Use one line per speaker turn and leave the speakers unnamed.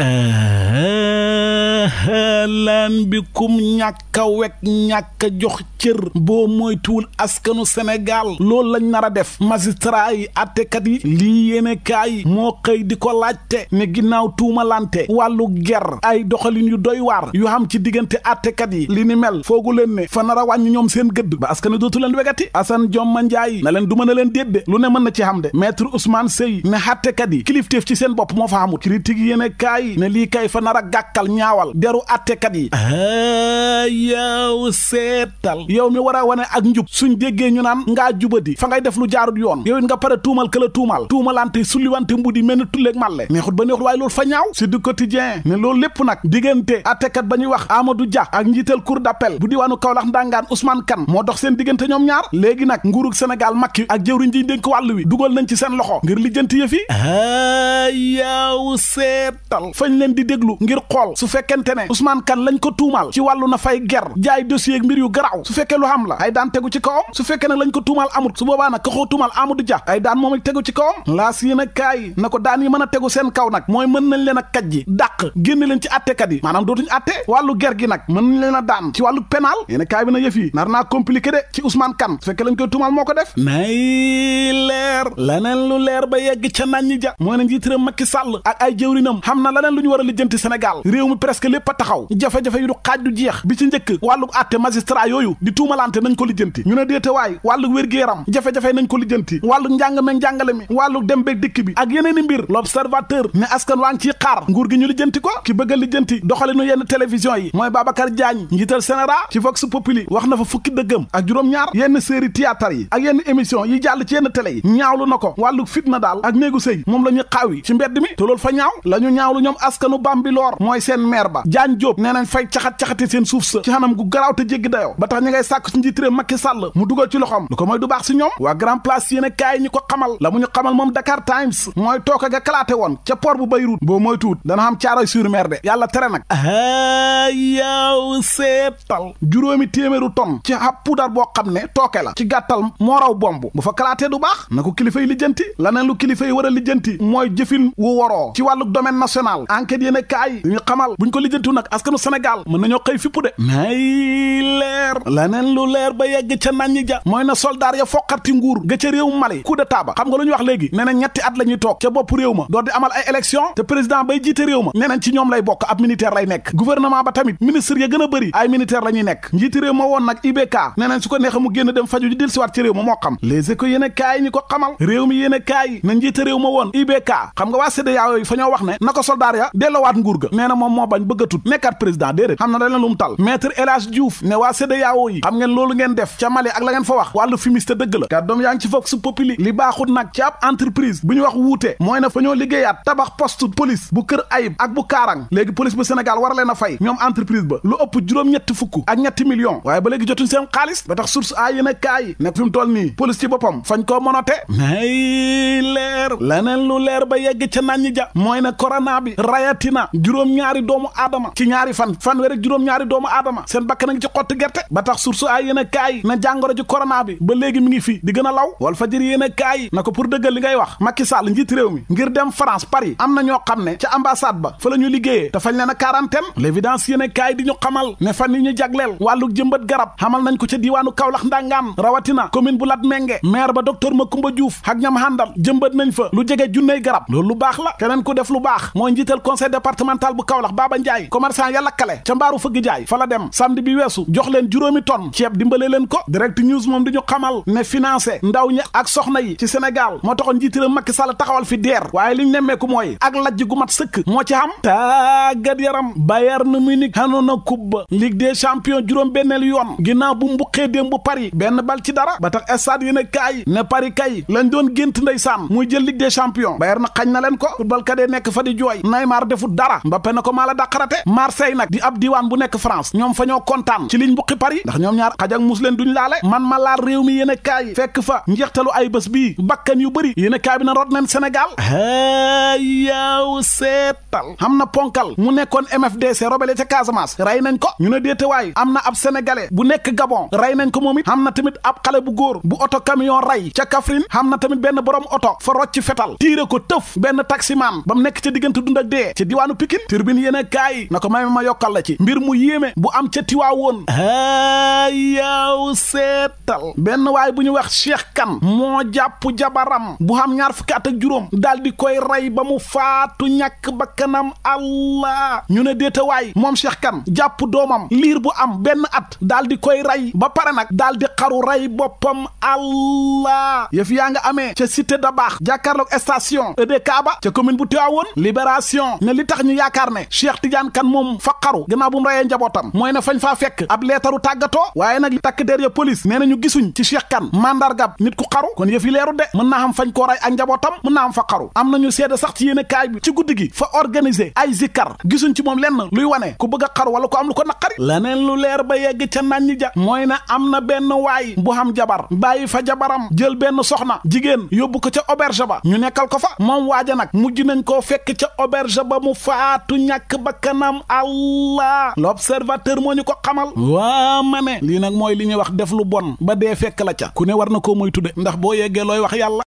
Uh, alan bikum ñàkk a wekk ñàkk a jox cër boo moytuwul askanu senegaal loolu lañ nar a def magistrat yi attekat yi lii yéene kaay moo xëy di ko laajte ne ginnaaw tuumalante wàllu ger ay doxalin yu doy waar yu xam ci diggante attekat yi li ni mel foogu leen ne fa nar a wàññi ñoom seen gëdd ba askanu dootu leen wegati Assane Dioma Ndiaye na leen du mën a leen déedde lu ne mën na ci xam de maître Ousmane Sey ne attekat yi kilifteef ci seen bopp moo fa attekat yi a ah, yow seetal yow mi war a wane ak njub suñ déggee ñu naan ngaa jubadi fa ngay def lu jaarut yoon yow it nga pare tuumal këla tuumal tuumalante sulliwante mbudi mel ni tulleeg màlle neexut ba neexut waaye loolu fa ñaaw si du quotidien ne loolu lépp nag diggante attekat ba ñuy wax Amadou Dia ak njiital cour d'appel bu diwaanu Kaolack ndangaan Ousmane kan moo dox seen diggante ñoom ñaar léegi nag nguurug Sénégal makki ak jëwriñ ji dénk wàll wi dugal nañ ci seen loxo ngir lijjanti yëf yi a ah, leen di déglu ngir kan Kane lañ ko tuumaal ci wàllu na fay ger jaay dossier ak mbir yu garaaw su fekkee lu xam la ay daan tegu ci kawam su fekkee nag lañ ko tuumal amut su boobaa nag ka xoo tuumal Amadou Dia ay daan moom tegu ci kawam laas yéen a kaay na ko daan yi mën a tegu seen kaw nag mooy mën nañ leen a kaj ji dàq génn leen ci attekat yi maanaam dootuñu atte wàllu ger gi nag mën nañ leen a daan ci wàllu pénal yéen a kaay bi na yëf na nar naa compliqué de ci Ousmane Kane su fekkee lañ koy tuumal moo ko def nay leer laneen lu leer ba yegg ca nañ ñi ja mooy na njiitëram Macky Sall ak ay jëwrinam xam na laneen lu ñu war a lijjanti Sénégal réew mi presque lépp a taxaw jafe-jafe yu du xaaj du jeex bi ci njëkk wàllu àtte magistrat yooyu di tuumalante nañ ko lijjanti ñu ne déetewaay wàllu wér-gu-yaram jafe-jafe nañ ko lijjanti wàllu njàng me njàngale mi wàllu dem beeg dikk bi ak yeneeni mbir l'observateur ne askan waa ngi ciy xaar nguur gi ñu lijjanti ko ki bëgg a lijjanti doxalinu yenn télévision yi mooy Babacar Diagne njiital Sénéra ci Vox Populi wax na fa fukki dëggam ak juróom-ñaar yenn série théâtre ak yenn émission yi jàll ci yenn télé yi ñaawlu na ko wàllu fitna daal ak néegu sëy moom la ñuy xaawi ci mbedd mi te fa ñaaw la ñu ñaawlu ñoom askanu Bambilor mooy seen maire ba Diagne Diop nee nañ fay caxat-caxate seen suuf sa ci xanam gu garaaw te jéggi dayoo ba tax ñi ngay sàkk ci njiit réew Macky mu dugal ci loxoom lu ko mooy du baax si ñoom waa grand place yéen a ñi ko xamal la mu ñu xamal moom Dakar Times mooy tooke ga kalaate woon ca port bu Beyrouth boo mooy tuut dana xam caaroy sur mer de yàlla tere nag ayaw seetal juróomi téeméeru ton ci ab poudre boo xam ne tooke la ci gàttal moo raw bomb bu fa kalaatee du baax na ko kilifa yi lijjanti laneen kilifa yi war lijjanti mooy jëfin wu waroo ci wàllu domaine national enquête a askanu Sénégal mën nañoo xëy fippu de nay leer laneen lu leer ba yegg ca nan ñi ja mooy na soldaar ya foqarti nguur ga ca réew Mali coup d'état ba xam nga lu ñu wax léegi nee na ñetti at la ñuy toog ca bopp réew ma door di amal ay élection te président bay jiite réew ma nee nañ ci ñoom lay bokk ab militaire lay nekk gouvernement ba tamit ministre ya gën a bëri ay militaire la ñuy nekk njiiti réew ma woon nag IBK nee nañ su ko neexe génn dem faju dil siwaat ci réew xam les éco a kaay ñi ko xamal réew mi waa CEDEAO yooyu fa ñoo wax ne na ko soldaar ya delloowaat président déedéet xam na da leen lu mu tal maître El Hadj Diouf ne waa CEDEAO yi xam ngeen loolu ngeen def ca Mali ak la ngeen fa wax wàllu fumiste dëgg la kàddoom yaa ngi ci Vox Populi li baaxul nag ci ab entreprise bu ñu wax wuute mooy na fa ñoo liggéeyaat tabax poste police bu kër ayib ak bu kaarang léegi police bu Sénégal war leen a fay ñoom entreprise ba lu ëpp juróom-ñetti fukk ak ñetti millions waaye ba léegi jotu seen xaalis ba tax source a yéen a kaay nekk fi mu toll nii police ci boppam fañ koo monote may leer leneen lu leer ba yegg ca nañ ja mooy ne corona bi rayatina juróom-ñaari doomu aadama ci ñaari ñaari fan fanweer ak juróom-ñaari doomu aadama seen bakkan a ngi ci xotti gerte ba tax source ay yéen kaay na jàngoro ji corona bi ba léegi mi ngi fi di gën a law wal fajiri yéen a kaay na ko pour dëggal li ngay wax Macky Sall njiit réew mi ngir dem France Paris am na ñoo xam ne ca ambassade ba fa la ñu liggéeyee te fañ leen a quarantaine l'évidence yéen a kaay di ñu xamal ne fan yi ñu jagleel wàllu jëmbat garab xamal nañ ko ca diiwaanu Kaolack ndangaan rawatina commune bu Latmingué maire ba docteur Macoumba Diouf ak ñam handal jëmbat nañ fa lu jege junney lu baax la keneen ku def lu baax mooy njiital conseil départemental bu Kaolack Baba Ndiaye commerçant restaurant ya lakkale ca mbaaru fëgg jaay fa la dem samedi bi weesu jox leen juróomi tonn ceeb dimbale leen ko direct news moom di ñu xamal ne financé ndaw ña ak soxna yi ci Sénégal moo taxoon njiitëra Macky Sall taxawal fi deer waaye li ñu nemmeeku mooy ak lajj gu mat sëkk moo ci am tàggat yaram Bayern Munich xanoona kubba Ligue des champions juróom benneel yoon ginnaaw bu mbuqee démb bu Paris benn bal ci dara ba tax stade yéen a kaay ne Paris kay lañ doon gént saan muy jël Ligue des champions na xañ na leen ko football kat yi fa di jooy na ko maa la dàqarate marseille nag di ab diwaan bu nekk france ñoom fa ñoo kontaan ci liñ buqi Paris ndax ñoom ñaar xaj ak mus leen duñ laale man ma laal réew mi yéen a kaay fekk fa njeextalu ay bés bii bakkan yu bëri yéen a kaay bi na root nañ sénégal yaw seetal xam na ponkal mu nekkoon mfdc robele ca Casamance rey nañ ko ñu ne déetewaay am na ab sénégalais bu nekk gabon rey nañ ko moom it xam na tamit ab xale bu góor bu oto camion rey ca Kaffrine xam na tamit benn borom oto fa rocc fetal tiire ko tëf ba mu nekk ca diggante dund ma yokkal la ci mbir mu yéeme bu am ca tiwaawoon mu seetal benn waay bu ñu wax Cheikh Kan moo jàpp jabaram bu xam ñaar fukki at ak juróom daal di koy rey ba mu faatu ñàkk kanam allah ñu ne déeta waay moom Cheikh Kan jàpp doomam liir bu am benn at daal di koy rey ba pare nag daal di xaru rey boppam allah yëf yaa nga amee ca cité da baax jàkkaarloog station EDK ba ca commune bu Tiwaawoon libération ne li tax ñu yaakaar ne Cheikh Tidiane Kan moom fa xaru gannaaw bu mu reyee njabootam mooy ne fañ faa fekk ab leetaru tàggatoo commissariat police nee na ñu gisuñ ci Cheikh Kane mandargab nit ku xaru kon yëf yi leeru de mën naa xam fañ ko ray ak njabootam mën naa am fa xaru am nañu seede sax ci yéene kaay bi ci guddi gi fa organiser ay zikkar gisuñ ci moom lenn luy wane ku bëgg a xaru wala ko am lu ko naqari laneen lu leer ba yegg ca naan ñi ja mooy na am na benn waay bu xam jabar bàyyi fa jabaram jël benn soxna jigéen yóbbu ko ca auberge ba ñu nekkal ko fa moom waaja nag mujj nañ koo fekk ca auberge ba mu faatu ñàkk bakkanam allah l'observateur moo ñu ko xamal ma ne lii wax def lu bon ba dee fekk la ca ku ne war na koo muy tudde ndax boo yeggee looy wax yàlla